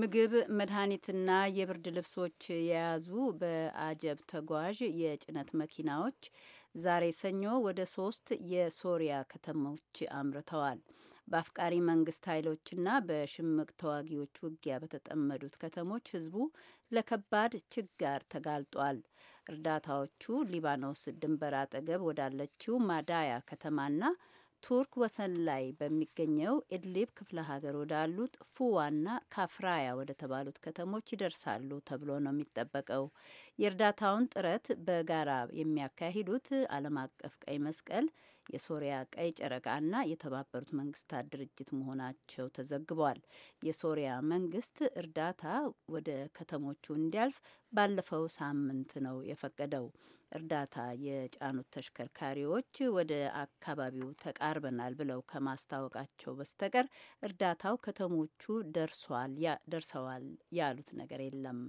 ምግብ፣ መድኃኒትና የብርድ ልብሶች የያዙ በአጀብ ተጓዥ የጭነት መኪናዎች ዛሬ ሰኞ ወደ ሶስት የሶሪያ ከተሞች አምርተዋል። በአፍቃሪ መንግስት ኃይሎችና በሽምቅ ተዋጊዎች ውጊያ በተጠመዱት ከተሞች ህዝቡ ለከባድ ችጋር ተጋልጧል። እርዳታዎቹ ሊባኖስ ድንበር አጠገብ ወዳለችው ማዳያ ከተማና ቱርክ ወሰን ላይ በሚገኘው ኢድሊብ ክፍለ ሀገር ወዳሉት ፉዋና ካፍራያ ወደ ተባሉት ከተሞች ይደርሳሉ ተብሎ ነው የሚጠበቀው። የእርዳታውን ጥረት በጋራ የሚያካሂዱት ዓለም አቀፍ ቀይ መስቀል፣ የሶሪያ ቀይ ጨረቃና የተባበሩት መንግስታት ድርጅት መሆናቸው ተዘግቧል። የሶሪያ መንግስት እርዳታ ወደ ከተሞቹ እንዲያልፍ ባለፈው ሳምንት ነው የፈቀደው። እርዳታ የጫኑት ተሽከርካሪዎች ወደ አካባቢው ተቃ ተቃርበናል ብለው ከማስታወቃቸው በስተቀር እርዳታው ከተሞቹ ደርሰዋል ያሉት ነገር የለም።